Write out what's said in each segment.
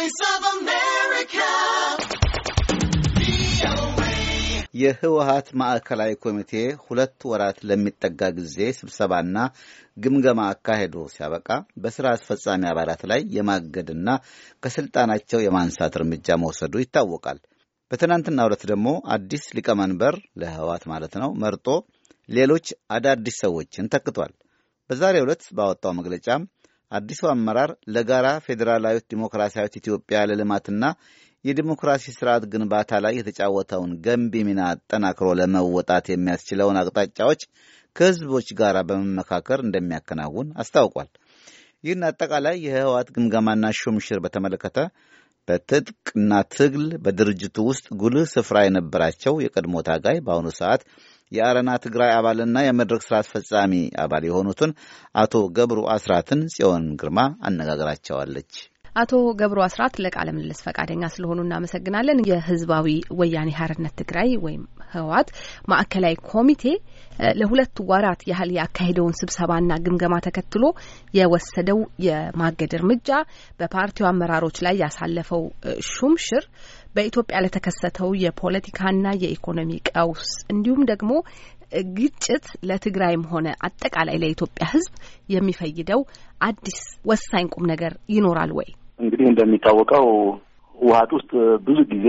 Voice of America. የህወሀት ማዕከላዊ ኮሚቴ ሁለት ወራት ለሚጠጋ ጊዜ ስብሰባና ግምገማ አካሄዶ ሲያበቃ በስራ አስፈጻሚ አባላት ላይ የማገድና ከስልጣናቸው የማንሳት እርምጃ መውሰዱ ይታወቃል። በትናንትና ዕለት ደግሞ አዲስ ሊቀመንበር ለህወሀት ማለት ነው መርጦ ሌሎች አዳዲስ ሰዎችን ተክቷል። በዛሬ ዕለት ባወጣው መግለጫም አዲሱ አመራር ለጋራ ፌዴራላዊት ዲሞክራሲያዊት ኢትዮጵያ ለልማትና የዲሞክራሲ ስርዓት ግንባታ ላይ የተጫወተውን ገንቢ ሚና አጠናክሮ ለመወጣት የሚያስችለውን አቅጣጫዎች ከህዝቦች ጋር በመመካከር እንደሚያከናውን አስታውቋል። ይህን አጠቃላይ የህወሓት ግምገማና ሹምሽር በተመለከተ በትጥቅና ትግል በድርጅቱ ውስጥ ጉልህ ስፍራ የነበራቸው የቀድሞ ታጋይ በአሁኑ ሰዓት የአረና ትግራይ አባልና የመድረክ ስራ አስፈጻሚ አባል የሆኑትን አቶ ገብሩ አስራትን ጽዮን ግርማ አነጋግራቸዋለች። አቶ ገብሩ አስራት ለቃለ ምልልስ ፈቃደኛ ስለሆኑ እናመሰግናለን። የህዝባዊ ወያኔ ሀርነት ትግራይ ወይም ህወሓት ማዕከላዊ ኮሚቴ ለሁለት ወራት ያህል ያካሄደውን ስብሰባና ግምገማ ተከትሎ የወሰደው የማገድ እርምጃ፣ በፓርቲው አመራሮች ላይ ያሳለፈው ሹምሽር በኢትዮጵያ ለተከሰተው የፖለቲካና የኢኮኖሚ ቀውስ እንዲሁም ደግሞ ግጭት ለትግራይም ሆነ አጠቃላይ ለኢትዮጵያ ሕዝብ የሚፈይደው አዲስ ወሳኝ ቁም ነገር ይኖራል ወይ? እንግዲህ እንደሚታወቀው ህወሀት ውስጥ ብዙ ጊዜ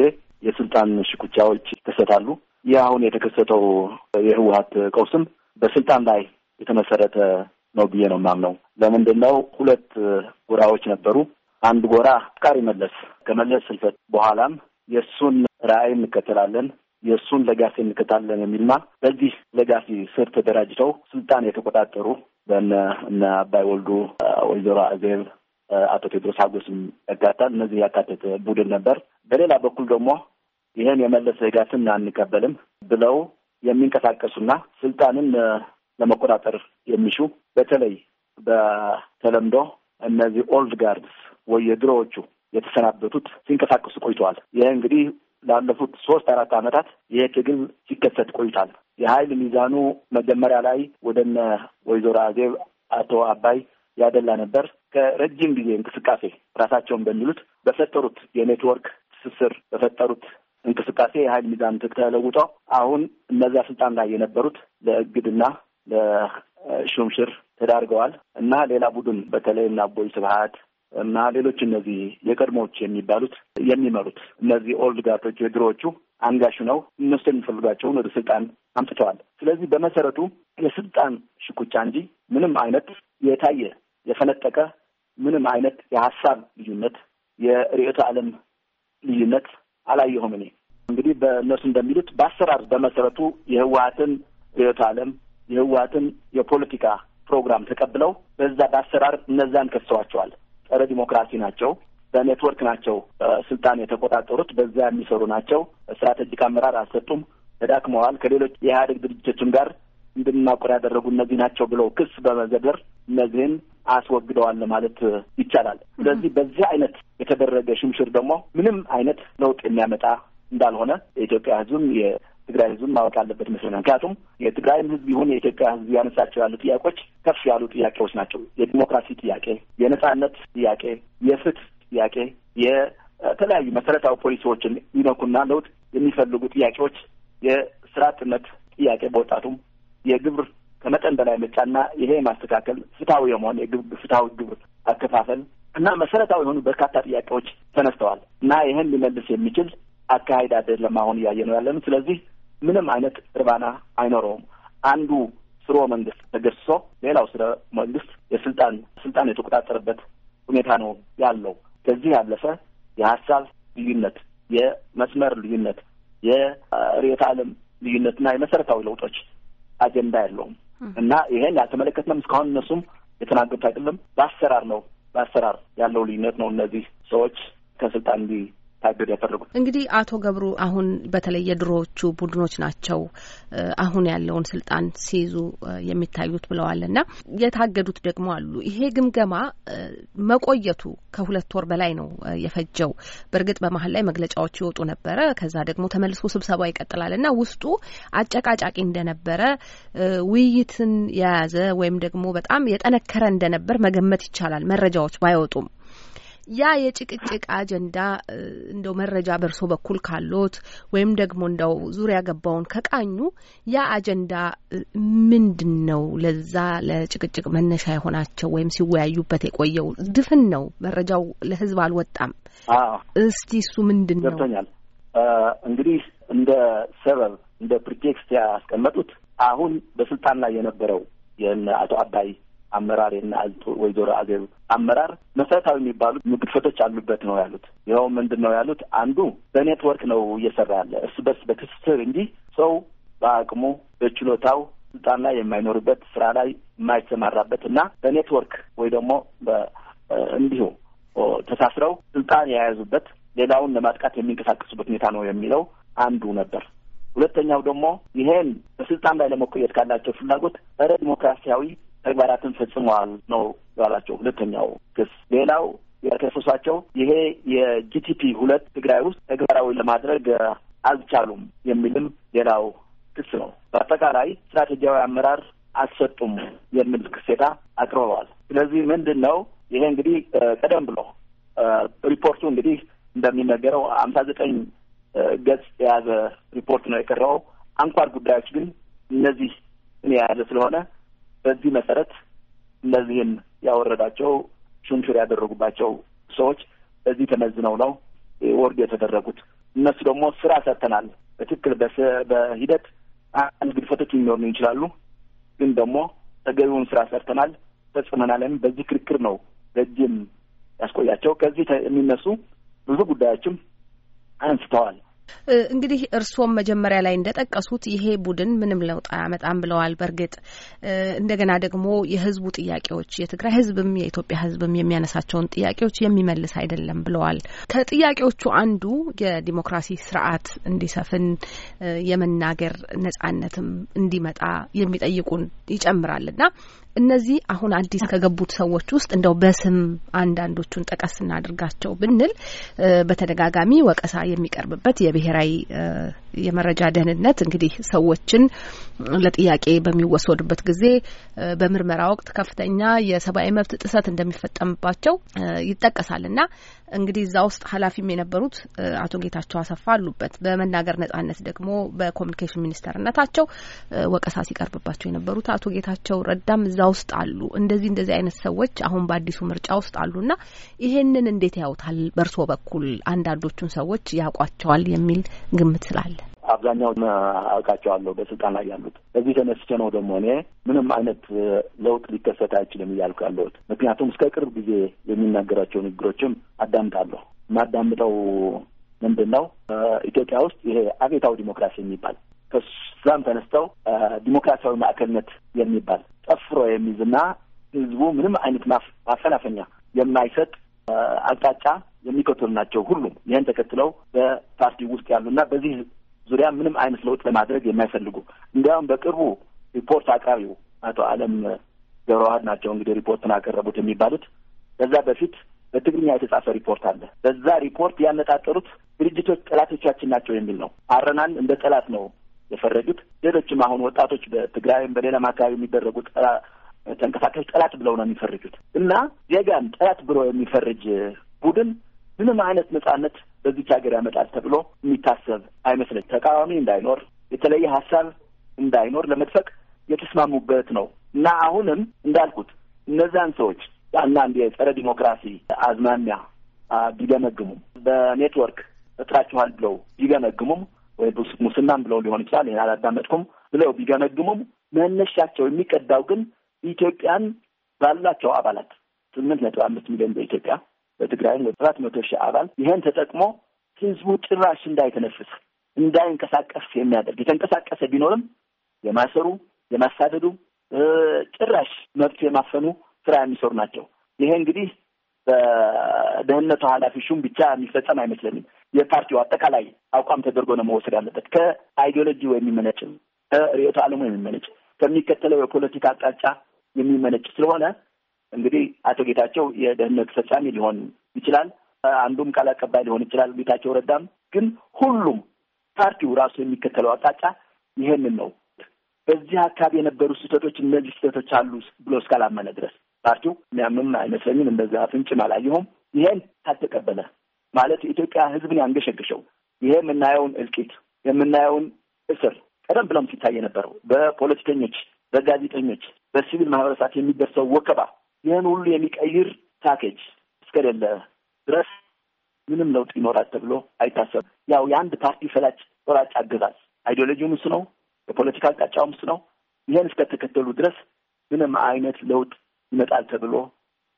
የስልጣን ሽኩቻዎች ይከሰታሉ። ይህ አሁን የተከሰተው የህወሀት ቀውስም በስልጣን ላይ የተመሰረተ ነው ብዬ ነው የማምነው። ለምንድን ነው ሁለት ጎራዎች ነበሩ። አንድ ጎራ አፍቃሪ መለስ ከመለስ ስልፈት በኋላም የእሱን ራዕይ እንከተላለን የእሱን ለጋሴ እንከታለን የሚልና በዚህ ለጋሴ ስር ተደራጅተው ስልጣን የተቆጣጠሩ በነ እነ አባይ ወልዱ፣ ወይዘሮ አዜብ፣ አቶ ቴድሮስ ሀጎስም ያካታል። እነዚህ ያካተተ ቡድን ነበር። በሌላ በኩል ደግሞ ይህን የመለስ ህጋትን አንቀበልም ብለው የሚንቀሳቀሱና ስልጣንን ለመቆጣጠር የሚሹ በተለይ በተለምዶ እነዚህ ኦልድ ጋርድስ ወይ የድሮዎቹ የተሰናበቱት ሲንቀሳቀሱ ቆይተዋል። ይህ እንግዲህ ላለፉት ሶስት አራት ዓመታት ይሄ ትግል ሲከሰት ቆይቷል። የኃይል ሚዛኑ መጀመሪያ ላይ ወደነ ወይዘሮ አዜብ አቶ አባይ ያደላ ነበር። ከረጅም ጊዜ እንቅስቃሴ ራሳቸውን በሚሉት በፈጠሩት የኔትወርክ ትስስር በፈጠሩት እንቅስቃሴ የኃይል ሚዛን ተለውጦ አሁን እነዛ ስልጣን ላይ የነበሩት ለእግድና ለሹምሽር ተዳርገዋል እና ሌላ ቡድን በተለይ እና አቦይ ስብሀት እና ሌሎች እነዚህ የቀድሞዎች የሚባሉት የሚመሩት እነዚህ ኦልድ ጋርዶች የድሮዎቹ አንጋሽ ነው። እነሱ የሚፈልጋቸውን ወደ ስልጣን አምጥተዋል። ስለዚህ በመሰረቱ የስልጣን ሽኩቻ እንጂ ምንም አይነት የታየ የፈነጠቀ ምንም አይነት የሀሳብ ልዩነት፣ የርዕዮተ ዓለም ልዩነት አላየሁም። እኔ እንግዲህ በእነሱ እንደሚሉት በአሰራር በመሰረቱ የህወሀትን ርዕዮተ ዓለም የህወሀትን የፖለቲካ ፕሮግራም ተቀብለው በዛ በአሰራር እነዛን ከሰዋቸዋል። ጸረ ዲሞክራሲ ናቸው። በኔትወርክ ናቸው ስልጣን የተቆጣጠሩት። በዛ የሚሰሩ ናቸው። ስትራቴጂክ አመራር አልሰጡም። ተዳክመዋል። ከሌሎች የኢህአዴግ ድርጅቶችም ጋር እንድንናቆር ያደረጉ እነዚህ ናቸው ብለው ክስ በመዘደር እነዚህን አስወግደዋል ለማለት ይቻላል። ስለዚህ በዚህ አይነት የተደረገ ሽምሽር ደግሞ ምንም አይነት ለውጥ የሚያመጣ እንዳልሆነ የኢትዮጵያ ህዝብም ትግራይ ህዝብ ማወቅ አለበት ይመስለኛል። ምክንያቱም የትግራይም ህዝብ ይሁን የኢትዮጵያ ህዝብ ያነሳቸው ያሉ ጥያቄዎች ከፍ ያሉ ጥያቄዎች ናቸው። የዲሞክራሲ ጥያቄ፣ የነጻነት ጥያቄ፣ የፍትህ ጥያቄ፣ የተለያዩ መሰረታዊ ፖሊሲዎችን ይነኩና ለውጥ የሚፈልጉ ጥያቄዎች፣ የስራ አጥነት ጥያቄ በወጣቱም የግብር ከመጠን በላይ መጫና፣ ይሄ ማስተካከል፣ ፍትሐዊ የመሆን ፍትሐዊ ግብር አከፋፈል እና መሰረታዊ የሆኑ በርካታ ጥያቄዎች ተነስተዋል እና ይህን ሊመልስ የሚችል አካሄድ አይደለም አሁን እያየ ነው ያለን። ስለዚህ ምንም አይነት እርባና አይኖረውም። አንዱ ስርወ መንግስት ተገስሶ ሌላው ስርወ መንግስት የስልጣን ስልጣን የተቆጣጠረበት ሁኔታ ነው ያለው። ከዚህ ያለፈ የሀሳብ ልዩነት፣ የመስመር ልዩነት፣ የርዕዮተ ዓለም ልዩነትና የመሰረታዊ ለውጦች አጀንዳ የለውም እና ይሄን ያልተመለከትነም እስካሁን እነሱም የተናገሩት አይደለም። በአሰራር ነው በአሰራር ያለው ልዩነት ነው እነዚህ ሰዎች ከስልጣን እንዲ ታገድ ያደረጉት እንግዲህ አቶ ገብሩ አሁን በተለይ የድሮዎቹ ቡድኖች ናቸው አሁን ያለውን ስልጣን ሲይዙ የሚታዩት ብለዋል እና የታገዱት ደግሞ አሉ። ይሄ ግምገማ መቆየቱ ከሁለት ወር በላይ ነው የፈጀው። በእርግጥ በመሀል ላይ መግለጫዎች ይወጡ ነበረ። ከዛ ደግሞ ተመልሶ ስብሰባ ይቀጥላል እና ውስጡ አጨቃጫቂ እንደነበረ ውይይትን የያዘ ወይም ደግሞ በጣም የጠነከረ እንደነበር መገመት ይቻላል መረጃዎች ባይወጡም ያ የጭቅጭቅ አጀንዳ እንደው መረጃ በእርሶ በኩል ካሎት ወይም ደግሞ እንደው ዙሪያ ገባውን ከቃኙ ያ አጀንዳ ምንድን ነው? ለዛ ለጭቅጭቅ መነሻ የሆናቸው ወይም ሲወያዩበት የቆየው ድፍን ነው፣ መረጃው ለህዝብ አልወጣም። እስቲ እሱ ምንድን ነው? ገብቶኛል። እንግዲህ እንደ ሰበብ እንደ ፕሪቴክስት ያስቀመጡት አሁን በስልጣን ላይ የነበረው የነ አቶ አባይ አመራር የእነ ወይዘሮ አዜብ አመራር መሰረታዊ የሚባሉት ግድፈቶች አሉበት ነው ያሉት። ይኸው ምንድን ነው ያሉት? አንዱ በኔትወርክ ነው እየሰራ ያለ እርስ በርስ በትስስር እንጂ ሰው በአቅሙ በችሎታው ስልጣን ላይ የማይኖርበት ስራ ላይ የማይሰማራበት እና በኔትወርክ ወይ ደግሞ እንዲሁ ተሳስረው ስልጣን የያዙበት ሌላውን ለማጥቃት የሚንቀሳቀሱበት ሁኔታ ነው የሚለው አንዱ ነበር። ሁለተኛው ደግሞ ይሄን በስልጣን ላይ ለመቆየት ካላቸው ፍላጎት ረ ዲሞክራሲያዊ ተግባራትን ፈጽመዋል ነው ያላቸው። ሁለተኛው ክስ ሌላው የከሰሷቸው ይሄ የጂቲፒ ሁለት ትግራይ ውስጥ ተግባራዊ ለማድረግ አልቻሉም የሚልም ሌላው ክስ ነው። በአጠቃላይ ስትራቴጂያዊ አመራር አልሰጡም የሚል ክሴታ አቅርበዋል። ስለዚህ ምንድን ነው ይሄ እንግዲህ ቀደም ብሎ ሪፖርቱ እንግዲህ እንደሚነገረው አምሳ ዘጠኝ ገጽ የያዘ ሪፖርት ነው የቀረበው። አንኳር ጉዳዮች ግን እነዚህ የያዘ ስለሆነ በዚህ መሰረት እነዚህን ያወረዳቸው ሹምሹር ያደረጉባቸው ሰዎች በዚህ ተመዝነው ነው ወርድ የተደረጉት። እነሱ ደግሞ ስራ ሰጥተናል። በትክክል በሂደት አንድ ግድፈቶች ሊኖሩ ይችላሉ፣ ግን ደግሞ ተገቢውን ስራ ሰርተናል ፈጽመናልም። በዚህ ክርክር ነው ረጅም ያስቆያቸው። ከዚህ የሚነሱ ብዙ ጉዳዮችም አንስተዋል። እንግዲህ እርስዎም መጀመሪያ ላይ እንደጠቀሱት ይሄ ቡድን ምንም ለውጥ አያመጣም ብለዋል። በእርግጥ እንደገና ደግሞ የህዝቡ ጥያቄዎች የትግራይ ህዝብም የኢትዮጵያ ህዝብም የሚያነሳቸውን ጥያቄዎች የሚመልስ አይደለም ብለዋል። ከጥያቄዎቹ አንዱ የዲሞክራሲ ስርዓት እንዲሰፍን የመናገር ነጻነትም እንዲመጣ የሚጠይቁን ይጨምራል እና እነዚህ አሁን አዲስ ከገቡት ሰዎች ውስጥ እንደው በስም አንዳንዶቹን ጠቀስ እናድርጋቸው ብንል በተደጋጋሚ ወቀሳ የሚቀርብበት የብሔራዊ የመረጃ ደህንነት እንግዲህ ሰዎችን ለጥያቄ በሚወሰዱበት ጊዜ በምርመራ ወቅት ከፍተኛ የሰብአዊ መብት ጥሰት እንደሚፈጠምባቸው ይጠቀሳል እና እንግዲህ እዛ ውስጥ ኃላፊም የነበሩት አቶ ጌታቸው አሰፋ አሉበት። በመናገር ነጻነት ደግሞ በኮሚኒኬሽን ሚኒስተርነታቸው ወቀሳ ሲቀርብባቸው የነበሩት አቶ ጌታቸው ረዳም እዛ ውስጥ አሉ። እንደዚህ እንደዚህ አይነት ሰዎች አሁን በአዲሱ ምርጫ ውስጥ አሉና ይሄንን እንዴት ያውታል? በእርስዎ በኩል አንዳንዶቹን ሰዎች ያውቋቸዋል የሚል ግምት ስላለ አብዛኛው አውቃቸዋለሁ በስልጣን ላይ ያሉት። በዚህ ተነስቼ ነው ደግሞ እኔ ምንም አይነት ለውጥ ሊከሰት አይችልም እያልኩ ያለሁት። ምክንያቱም እስከ ቅርብ ጊዜ የሚናገራቸው ንግግሮችም አዳምጣለሁ። የማዳምጠው ምንድን ነው ኢትዮጵያ ውስጥ ይሄ አቤታዊ ዲሞክራሲ የሚባል ከዛም ተነስተው ዲሞክራሲያዊ ማዕከልነት የሚባል ጠፍሮ የሚይዝና ህዝቡ ምንም አይነት ማፈናፈኛ የማይሰጥ አቅጣጫ የሚከተሉ ናቸው። ሁሉም ይህን ተከትለው በፓርቲ ውስጥ ያሉና በዚህ ዙሪያ ምንም አይነት ለውጥ ለማድረግ የማይፈልጉ እንዲያውም በቅርቡ ሪፖርት አቅራቢው አቶ አለም ገብረዋህድ ናቸው እንግዲህ ሪፖርትን አቀረቡት የሚባሉት ከዛ በፊት በትግርኛ የተጻፈ ሪፖርት አለ። በዛ ሪፖርት ያነጣጠሩት ድርጅቶች ጠላቶቻችን ናቸው የሚል ነው። አረናን እንደ ጠላት ነው የፈረጁት። ሌሎችም አሁን ወጣቶች በትግራይም በሌላም አካባቢ የሚደረጉ ተንቀሳቃሽ ጠላት ብለው ነው የሚፈርጁት እና ዜጋን ጠላት ብሎ የሚፈርጅ ቡድን ምንም አይነት ነጻነት በዚች ሀገር ያመጣል ተብሎ የሚታሰብ አይመስለኝ። ተቃዋሚ እንዳይኖር የተለየ ሀሳብ እንዳይኖር ለመጥፈቅ የተስማሙበት ነው እና አሁንም እንዳልኩት እነዛን ሰዎች አንዳንድ የጸረ ዲሞክራሲ አዝማሚያ ቢገመግሙም በኔትወርክ እጥራችኋል ብለው ቢገመግሙም ወይ ሙስናም ብለው ሊሆን ይችላል ይህን አላዳመጥኩም ብለው ቢገመግሙም መነሻቸው የሚቀዳው ግን ኢትዮጵያን ባላቸው አባላት ስምንት ነጥብ አምስት ሚሊዮን በኢትዮጵያ በትግራይም ለሰባት መቶ ሺህ አባል ይህን ተጠቅሞ ህዝቡ ጭራሽ እንዳይተነፍስ እንዳይንቀሳቀስ የሚያደርግ የተንቀሳቀሰ ቢኖርም የማሰሩ የማሳደዱ ጭራሽ መብት የማፈኑ ስራ የሚሰሩ ናቸው። ይሄ እንግዲህ በደህንነቱ ኃላፊ ሹም ብቻ የሚፈጸም አይመስለኝም። የፓርቲው አጠቃላይ አቋም ተደርጎ ነው መወሰድ ያለበት። ከአይዲዮሎጂው የሚመነጭ ከርዕዮተ ዓለሙ የሚመነጭ ከሚከተለው የፖለቲካ አቅጣጫ የሚመነጭ ስለሆነ እንግዲህ አቶ ጌታቸው የደህንነት ፈጻሚ ሊሆን ይችላል። አንዱም ቃል አቀባይ ሊሆን ይችላል። ጌታቸው ረዳም ግን ሁሉም ፓርቲው ራሱ የሚከተለው አቅጣጫ ይሄንን ነው። በዚህ አካባቢ የነበሩ ስህተቶች እነዚህ ስህተቶች አሉ ብሎ እስካላመነ ድረስ ፓርቲው የሚያምም አይመስለኝም። እንደዛ ፍንጭም አላየሁም። ይሄን ካልተቀበለ ማለት ኢትዮጵያ ሕዝብን ያንገሸግሸው ይሄ የምናየውን እልቂት የምናየውን እስር ቀደም ብለም ሲታይ የነበረው በፖለቲከኞች፣ በጋዜጠኞች፣ በሲቪል ማህበረሰብ የሚደርሰው ወከባ ይህን ሁሉ የሚቀይር ፓኬጅ እስከሌለ ድረስ ምንም ለውጥ ይኖራል ተብሎ አይታሰብም። ያው የአንድ ፓርቲ ፈላጭ ቆራጭ አገዛዝ አይዲዮሎጂውም እሱ ነው፣ የፖለቲካ አቅጣጫውም እሱ ነው። ይህን እስከተከተሉ ድረስ ምንም አይነት ለውጥ ይመጣል ተብሎ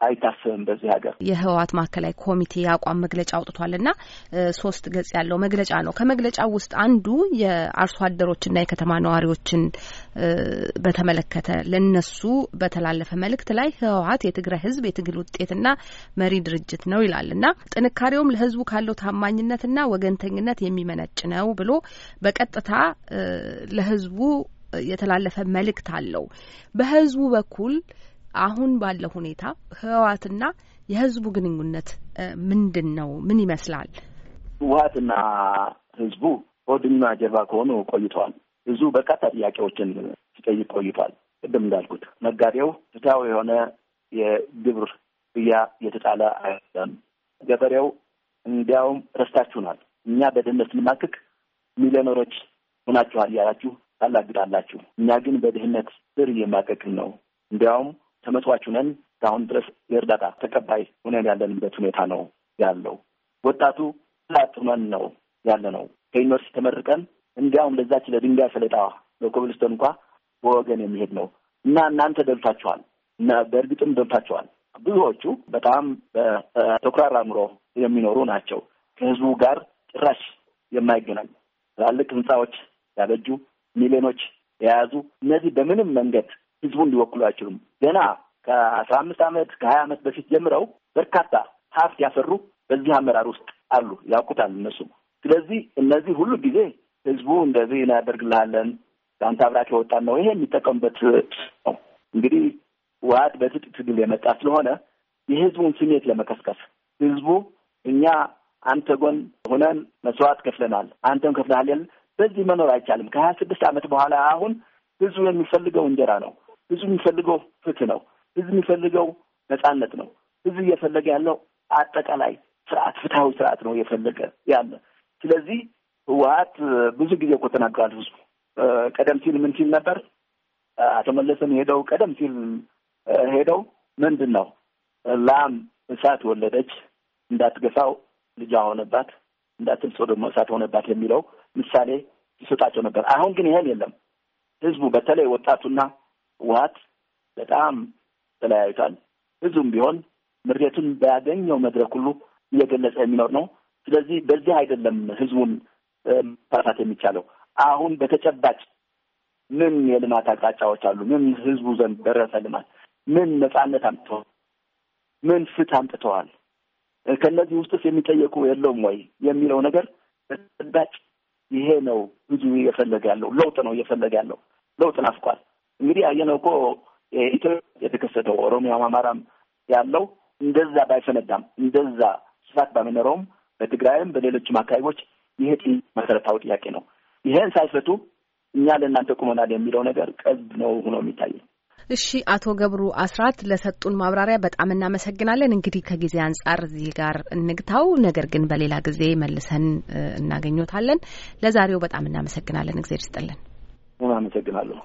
አይታሰብም በዚህ ሀገር። የህወሓት ማዕከላዊ ኮሚቴ የአቋም መግለጫ አውጥቷል እና ሶስት ገጽ ያለው መግለጫ ነው። ከመግለጫው ውስጥ አንዱ የአርሶ አደሮችና የከተማ ነዋሪዎችን በተመለከተ ለነሱ በተላለፈ መልእክት ላይ ህወሓት የትግራይ ህዝብ የትግል ውጤትና መሪ ድርጅት ነው ይላል እና ጥንካሬውም ለህዝቡ ካለው ታማኝነትና ወገንተኝነት የሚመነጭ ነው ብሎ በቀጥታ ለህዝቡ የተላለፈ መልእክት አለው። በህዝቡ በኩል አሁን ባለው ሁኔታ ህወሓትና የህዝቡ ግንኙነት ምንድን ነው? ምን ይመስላል? ህወሓትና ህዝቡ ሆድና ጀርባ ከሆኑ ቆይተዋል። ህዝቡ በርካታ ጥያቄዎችን ሲጠይቅ ቆይቷል። ቅድም እንዳልኩት ነጋዴው ፍትሃዊ የሆነ የግብር ብያ የተጣለ አይደለም። ገበሬው እንዲያውም ረስታችሁናል፣ እኛ በድህነት ስንማቅቅ ሚሊዮነሮች ሆናችኋል እያላችሁ ታላግጣላችሁ፣ እኛ ግን በድህነት ስር እየማቀቅን ነው። እንዲያውም ተመጽዋች ነን አሁን ድረስ የእርዳታ ተቀባይ ሆነን ያለንበት ሁኔታ ነው ያለው። ወጣቱ ላጥመን ነው ያለ ነው። ከዩኒቨርሲቲ ተመርቀን እንዲያውም ለዛች ለድንጋይ ሰለጣ ለኮብልስቶን እንኳ በወገን የሚሄድ ነው እና እናንተ ደብታችኋል እና በእርግጥም ደብታችኋል። ብዙዎቹ በጣም በተኩራራ ኑሮ የሚኖሩ ናቸው። ከህዝቡ ጋር ጭራሽ የማይገናኝ ትላልቅ ህንፃዎች ያበጁ ሚሊዮኖች የያዙ እነዚህ በምንም መንገድ ህዝቡን ሊወክሉ አይችሉም። ገና ከአስራ አምስት ዓመት ከሀያ ዓመት በፊት ጀምረው በርካታ ሀብት ያፈሩ በዚህ አመራር ውስጥ አሉ፣ ያውቁታል እነሱ። ስለዚህ እነዚህ ሁሉ ጊዜ ህዝቡ እንደዚህ እናደርግልሃለን ከአንተ አብራክ የወጣን ነው ይሄ የሚጠቀሙበት ነው። እንግዲህ ውሀት በትጥቅ ትግል የመጣ ስለሆነ የህዝቡን ስሜት ለመቀስቀስ ህዝቡ እኛ አንተ ጎን ሆነን መስዋዕት ከፍለናል፣ አንተም ከፍለሃል። በዚህ መኖር አይቻልም። ከሀያ ስድስት ዓመት በኋላ አሁን ህዝቡ የሚፈልገው እንጀራ ነው። ህዝብ የሚፈልገው ፍትህ ነው። ህዝብ የሚፈልገው ነጻነት ነው። ህዝብ እየፈለገ ያለው አጠቃላይ ስርዓት፣ ፍትሐዊ ስርዓት ነው እየፈለገ ያለ። ስለዚህ ህወሀት ብዙ ጊዜ እኮ ተናግሯል። ህዝቡ ቀደም ሲል ምን ሲል ነበር? አቶ መለስም ሄደው ቀደም ሲል ሄደው ምንድን ነው ላም እሳት ወለደች እንዳትገፋው ልጇ ሆነባት እንዳትልጾ ደግሞ እሳት ሆነባት የሚለው ምሳሌ ይሰጣቸው ነበር። አሁን ግን ይሄን የለም። ህዝቡ በተለይ ወጣቱና ህወሓት በጣም ተለያይቷል። ህዝቡም ቢሆን ምሬቱን ባያገኘው መድረክ ሁሉ እየገለጸ የሚኖር ነው። ስለዚህ በዚህ አይደለም ህዝቡን ማሳት የሚቻለው። አሁን በተጨባጭ ምን የልማት አቅጣጫዎች አሉ? ምን ህዝቡ ዘንድ ደረሰ ልማት? ምን ነጻነት አምጥተዋል? ምን ፍትህ አምጥተዋል? ከእነዚህ ውስጥስ የሚጠየቁ የለውም ወይ የሚለው ነገር በተጨባጭ ይሄ ነው ህዝቡ እየፈለገ ያለው ለውጥ ነው እየፈለገ ያለው ለውጥ ናፍቋል። እንግዲህ ያየነው እኮ ኢትዮጵያ የተከሰተው ኦሮሚያም አማራም ያለው እንደዛ ባይፈነዳም እንደዛ ስፋት ባይኖረውም በትግራይም በሌሎችም አካባቢዎች ይሄ መሰረታዊ ጥያቄ ነው። ይሄን ሳይፈቱ እኛ ለእናንተ ቁመናል የሚለው ነገር ቀልድ ነው ሆኖ የሚታየ እሺ አቶ ገብሩ አስራት ለሰጡን ማብራሪያ በጣም እናመሰግናለን። እንግዲህ ከጊዜ አንጻር እዚህ ጋር እንግታው፣ ነገር ግን በሌላ ጊዜ መልሰን እናገኘታለን። ለዛሬው በጣም እናመሰግናለን። እግዜር ይስጥልን። አመሰግናለሁ።